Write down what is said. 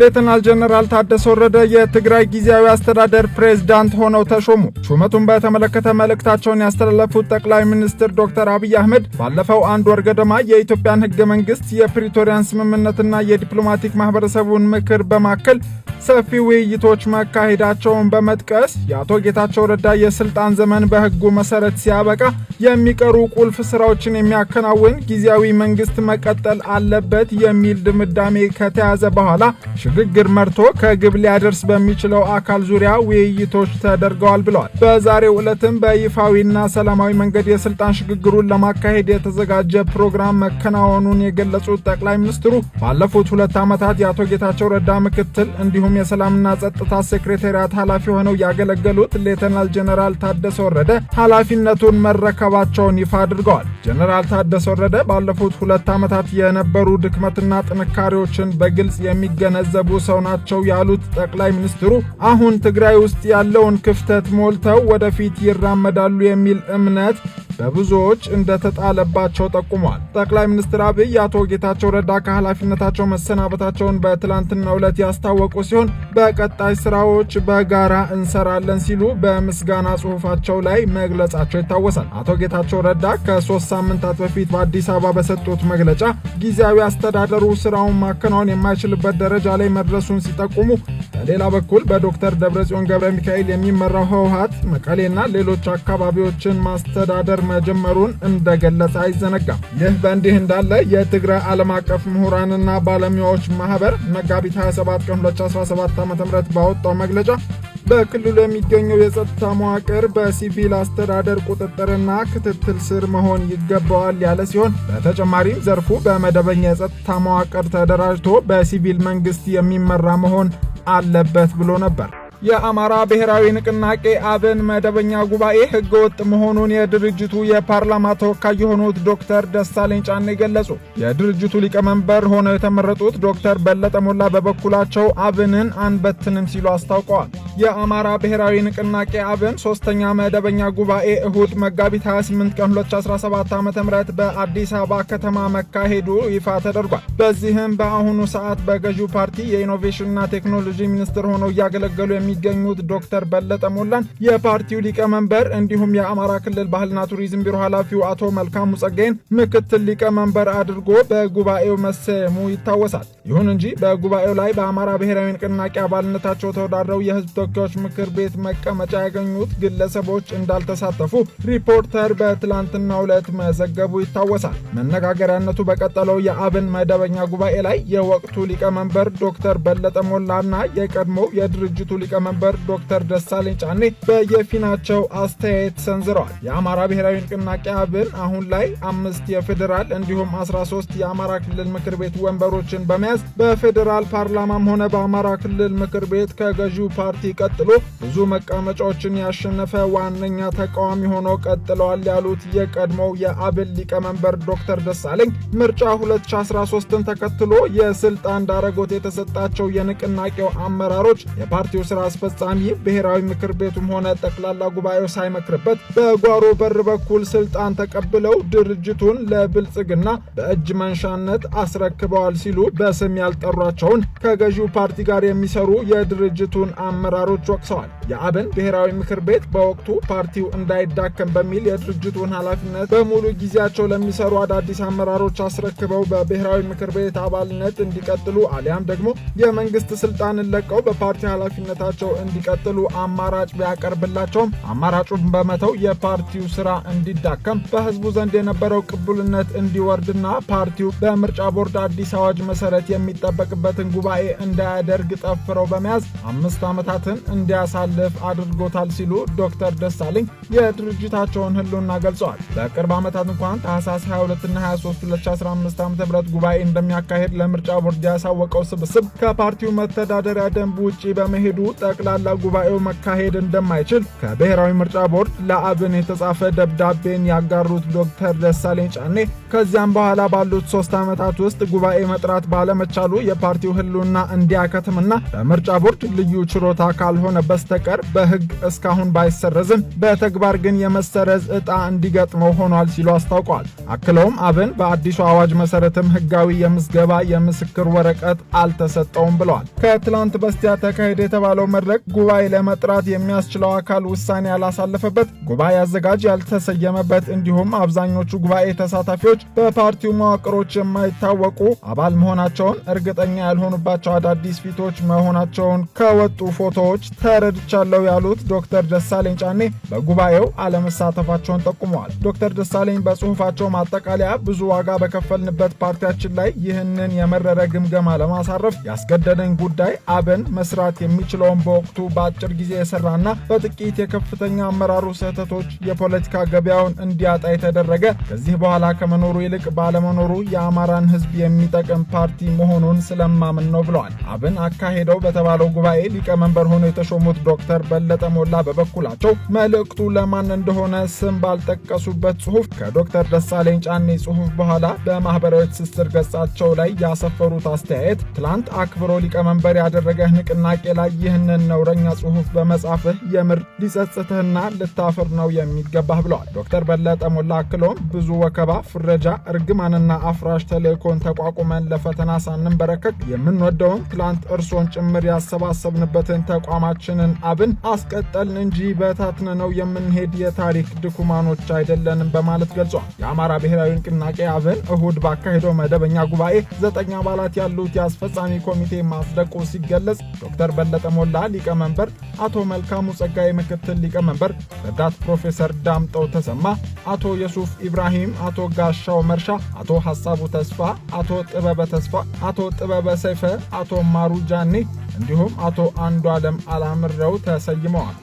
ሌተናል ጀነራል ታደሰ ወረደ የትግራይ ጊዜያዊ አስተዳደር ፕሬዝዳንት ሆነው ተሾሙ። ሹመቱን በተመለከተ መልእክታቸውን ያስተላለፉት ጠቅላይ ሚኒስትር ዶክተር አብይ አህመድ ባለፈው አንድ ወር ገደማ የኢትዮጵያን ህገ መንግስት የፕሪቶሪያን ስምምነትና የዲፕሎማቲክ ማህበረሰቡን ምክር በማከል ሰፊ ውይይቶች መካሄዳቸውን በመጥቀስ የአቶ ጌታቸው ረዳ የስልጣን ዘመን በህጉ መሰረት ሲያበቃ የሚቀሩ ቁልፍ ስራዎችን የሚያከናውን ጊዜያዊ መንግስት መቀጠል አለበት የሚል ድምዳሜ ከተያዘ በኋላ ሽግግር መርቶ ከግብ ሊያደርስ በሚችለው አካል ዙሪያ ውይይቶች ተደርገዋል ብለዋል። በዛሬው ዕለትም በይፋዊና ሰላማዊ መንገድ የስልጣን ሽግግሩን ለማካሄድ የተዘጋጀ ፕሮግራም መከናወኑን የገለጹት ጠቅላይ ሚኒስትሩ ባለፉት ሁለት ዓመታት የአቶ ጌታቸው ረዳ ምክትል እንዲሁም በተጨማሪም የሰላምና ጸጥታ ሴክሬታሪያት ኃላፊ ሆነው ያገለገሉት ሌተናል ጀነራል ታደሰ ወረደ ኃላፊነቱን መረከባቸውን ይፋ አድርገዋል። ጀነራል ታደሰ ወረደ ባለፉት ሁለት ዓመታት የነበሩ ድክመትና ጥንካሬዎችን በግልጽ የሚገነዘቡ ሰው ናቸው ያሉት ጠቅላይ ሚኒስትሩ አሁን ትግራይ ውስጥ ያለውን ክፍተት ሞልተው ወደፊት ይራመዳሉ የሚል እምነት በብዙዎች እንደተጣለባቸው ጠቁሟል። ጠቅላይ ሚኒስትር አብይ አቶ ጌታቸው ረዳ ከኃላፊነታቸው መሰናበታቸውን በትላንትናው ዕለት ያስታወቁ ሲሆን በቀጣይ ስራዎች በጋራ እንሰራለን ሲሉ በምስጋና ጽሑፋቸው ላይ መግለጻቸው ይታወሳል። አቶ ጌታቸው ረዳ ከሶስት ሳምንታት በፊት በአዲስ አበባ በሰጡት መግለጫ ጊዜያዊ አስተዳደሩ ስራውን ማከናወን የማይችልበት ደረጃ ላይ መድረሱን ሲጠቁሙ፣ በሌላ በኩል በዶክተር ደብረጽዮን ገብረ ሚካኤል የሚመራው ህወሀት መቀሌና ሌሎች አካባቢዎችን ማስተዳደር መጀመሩን እንደገለጸ አይዘነጋም። ይህ በእንዲህ እንዳለ የትግራይ ዓለም አቀፍ ምሁራንና ባለሙያዎች ማህበር መጋቢት 27 ቀን 2017 ዓ ም ባወጣው መግለጫ በክልሉ የሚገኘው የጸጥታ መዋቅር በሲቪል አስተዳደር ቁጥጥርና ክትትል ስር መሆን ይገባዋል ያለ ሲሆን በተጨማሪም ዘርፉ በመደበኛ የጸጥታ መዋቅር ተደራጅቶ በሲቪል መንግስት የሚመራ መሆን አለበት ብሎ ነበር። የአማራ ብሔራዊ ንቅናቄ አብን መደበኛ ጉባኤ ህገወጥ መሆኑን የድርጅቱ የፓርላማ ተወካይ የሆኑት ዶክተር ደሳለኝ ጫኔ ገለጹ። የድርጅቱ ሊቀመንበር ሆነው የተመረጡት ዶክተር በለጠ ሞላ በበኩላቸው አብንን አንበትንም ሲሉ አስታውቀዋል። የአማራ ብሔራዊ ንቅናቄ አብን ሶስተኛ መደበኛ ጉባኤ እሁድ መጋቢት 28 ቀን 2017 ዓ ም በአዲስ አበባ ከተማ መካሄዱ ይፋ ተደርጓል። በዚህም በአሁኑ ሰዓት በገዢው ፓርቲ የኢኖቬሽንና ቴክኖሎጂ ሚኒስትር ሆነው እያገለገሉ የሚገኙት ዶክተር በለጠ ሞላን የፓርቲው ሊቀመንበር እንዲሁም የአማራ ክልል ባህልና ቱሪዝም ቢሮ ኃላፊው አቶ መልካሙ ጸጋይን ምክትል ሊቀመንበር አድርጎ በጉባኤው መሰየሙ ይታወሳል። ይሁን እንጂ በጉባኤው ላይ በአማራ ብሔራዊ ንቅናቄ አባልነታቸው ተወዳድረው የህዝብ ተወካዮች ምክር ቤት መቀመጫ ያገኙት ግለሰቦች እንዳልተሳተፉ ሪፖርተር በትላንትና ዕለት መዘገቡ ይታወሳል። መነጋገሪያነቱ በቀጠለው የአብን መደበኛ ጉባኤ ላይ የወቅቱ ሊቀመንበር ዶክተር በለጠ ሞላና የቀድሞው የድርጅቱ ሊቀ ሊቀመንበር ዶክተር ደሳለኝ ጫኔ በየፊናቸው አስተያየት ሰንዝረዋል። የአማራ ብሔራዊ ንቅናቄ አብን አሁን ላይ አምስት የፌዴራል እንዲሁም 13 የአማራ ክልል ምክር ቤት ወንበሮችን በመያዝ በፌዴራል ፓርላማም ሆነ በአማራ ክልል ምክር ቤት ከገዢው ፓርቲ ቀጥሎ ብዙ መቀመጫዎችን ያሸነፈ ዋነኛ ተቃዋሚ ሆኖ ቀጥለዋል ያሉት የቀድሞው የአብን ሊቀመንበር ዶክተር ደሳለኝ ምርጫ 2013ን ተከትሎ የስልጣን ዳረጎት የተሰጣቸው የንቅናቄው አመራሮች የፓርቲው ስራ አስፈጻሚ ብሔራዊ ምክር ቤቱም ሆነ ጠቅላላ ጉባኤው ሳይመክርበት በጓሮ በር በኩል ስልጣን ተቀብለው ድርጅቱን ለብልጽግና በእጅ መንሻነት አስረክበዋል ሲሉ በስም ያልጠሯቸውን ከገዢው ፓርቲ ጋር የሚሰሩ የድርጅቱን አመራሮች ወቅሰዋል። የአብን ብሔራዊ ምክር ቤት በወቅቱ ፓርቲው እንዳይዳከም በሚል የድርጅቱን ኃላፊነት በሙሉ ጊዜያቸው ለሚሰሩ አዳዲስ አመራሮች አስረክበው በብሔራዊ ምክር ቤት አባልነት እንዲቀጥሉ አሊያም ደግሞ የመንግስት ስልጣንን ለቀው በፓርቲ ኃላፊነታቸው ስራቸው እንዲቀጥሉ አማራጭ ቢያቀርብላቸውም አማራጩን በመተው የፓርቲው ስራ እንዲዳከም በህዝቡ ዘንድ የነበረው ቅቡልነት እንዲወርድና ፓርቲው በምርጫ ቦርድ አዲስ አዋጅ መሰረት የሚጠበቅበትን ጉባኤ እንዳያደርግ ጠፍረው በመያዝ አምስት ዓመታትን እንዲያሳልፍ አድርጎታል ሲሉ ዶክተር ደሳለኝ የድርጅታቸውን ህልውና ገልጸዋል። በቅርብ ዓመታት እንኳን ታህሳስ 22ና 23 2015 ዓ ም ጉባኤ እንደሚያካሄድ ለምርጫ ቦርድ ያሳወቀው ስብስብ ከፓርቲው መተዳደሪያ ደንብ ውጪ በመሄዱ ጠቅላላ ጉባኤው መካሄድ እንደማይችል ከብሔራዊ ምርጫ ቦርድ ለአብን የተጻፈ ደብዳቤን ያጋሩት ዶክተር ደሳለኝ ጫኔ ከዚያም በኋላ ባሉት ሶስት ዓመታት ውስጥ ጉባኤ መጥራት ባለመቻሉ የፓርቲው ህልውና እንዲያከትምና በምርጫ ቦርድ ልዩ ችሮታ ካልሆነ በስተቀር በህግ እስካሁን ባይሰረዝም በተግባር ግን የመሰረዝ ዕጣ እንዲገጥመው ሆኗል ሲሉ አስታውቋል። አክለውም አብን በአዲሱ አዋጅ መሰረትም ህጋዊ የምዝገባ የምስክር ወረቀት አልተሰጠውም ብለዋል። ከትላንት በስቲያ ተካሄደ የተባለው መድረክ ጉባኤ ለመጥራት የሚያስችለው አካል ውሳኔ ያላሳለፈበት፣ ጉባኤ አዘጋጅ ያልተሰየመበት እንዲሁም አብዛኞቹ ጉባኤ ተሳታፊዎች ሰዎች በፓርቲው መዋቅሮች የማይታወቁ አባል መሆናቸውን እርግጠኛ ያልሆኑባቸው አዳዲስ ፊቶች መሆናቸውን ከወጡ ፎቶዎች ተረድቻለሁ ያሉት ዶክተር ደሳለኝ ጫኔ በጉባኤው አለመሳተፋቸውን ጠቁመዋል። ዶክተር ደሳለኝ በጽሁፋቸው ማጠቃለያ ብዙ ዋጋ በከፈልንበት ፓርቲያችን ላይ ይህንን የመረረ ግምገማ ለማሳረፍ ያስገደደኝ ጉዳይ አብን መስራት የሚችለውን በወቅቱ በአጭር ጊዜ የሰራና በጥቂት የከፍተኛ አመራሩ ስህተቶች የፖለቲካ ገበያውን እንዲያጣ የተደረገ ከዚህ በኋላ ከመኖ ከመኖሩ ይልቅ ባለመኖሩ የአማራን ሕዝብ የሚጠቅም ፓርቲ መሆኑን ስለማምን ነው ብለዋል። አብን አካሄደው በተባለው ጉባኤ ሊቀመንበር ሆነው የተሾሙት ዶክተር በለጠ ሞላ በበኩላቸው መልእክቱ ለማን እንደሆነ ስም ባልጠቀሱበት ጽሁፍ ከዶክተር ደሳለኝ ጫኔ ጽሑፍ በኋላ በማህበራዊ ትስስር ገጻቸው ላይ ያሰፈሩት አስተያየት ትላንት አክብሮ ሊቀመንበር ያደረገህ ንቅናቄ ላይ ይህንን ነውረኛ ጽሑፍ በመጻፍህ የምር ሊጸጽትህና ልታፍር ነው የሚገባህ ብለዋል። ዶክተር በለጠ ሞላ አክሎም ብዙ ወከባ ፍረ ደረጃ እርግማንና አፍራሽ ተልእኮን ተቋቁመን ለፈተና ሳንንበረከክ የምንወደውን ትላንት እርሶን ጭምር ያሰባሰብንበትን ተቋማችንን አብን አስቀጠልን እንጂ በታትነ ነው የምንሄድ የታሪክ ድኩማኖች አይደለንም በማለት ገልጿል። የአማራ ብሔራዊ ንቅናቄ አብን እሁድ ባካሄደው መደበኛ ጉባኤ ዘጠኝ አባላት ያሉት የአስፈጻሚ ኮሚቴ ማጽደቁ ሲገለጽ ዶክተር በለጠ ሞላ ሊቀመንበር፣ አቶ መልካሙ ጸጋይ ምክትል ሊቀመንበር፣ ረዳት ፕሮፌሰር ዳምጠው ተሰማ አቶ የሱፍ ኢብራሂም፣ አቶ ጋሻው መርሻ፣ አቶ ሀሳቡ ተስፋ፣ አቶ ጥበበ ተስፋ፣ አቶ ጥበበ ሰይፈ፣ አቶ ማሩ ጃኒ እንዲሁም አቶ አንዱ አለም አላምረው ተሰይመዋል።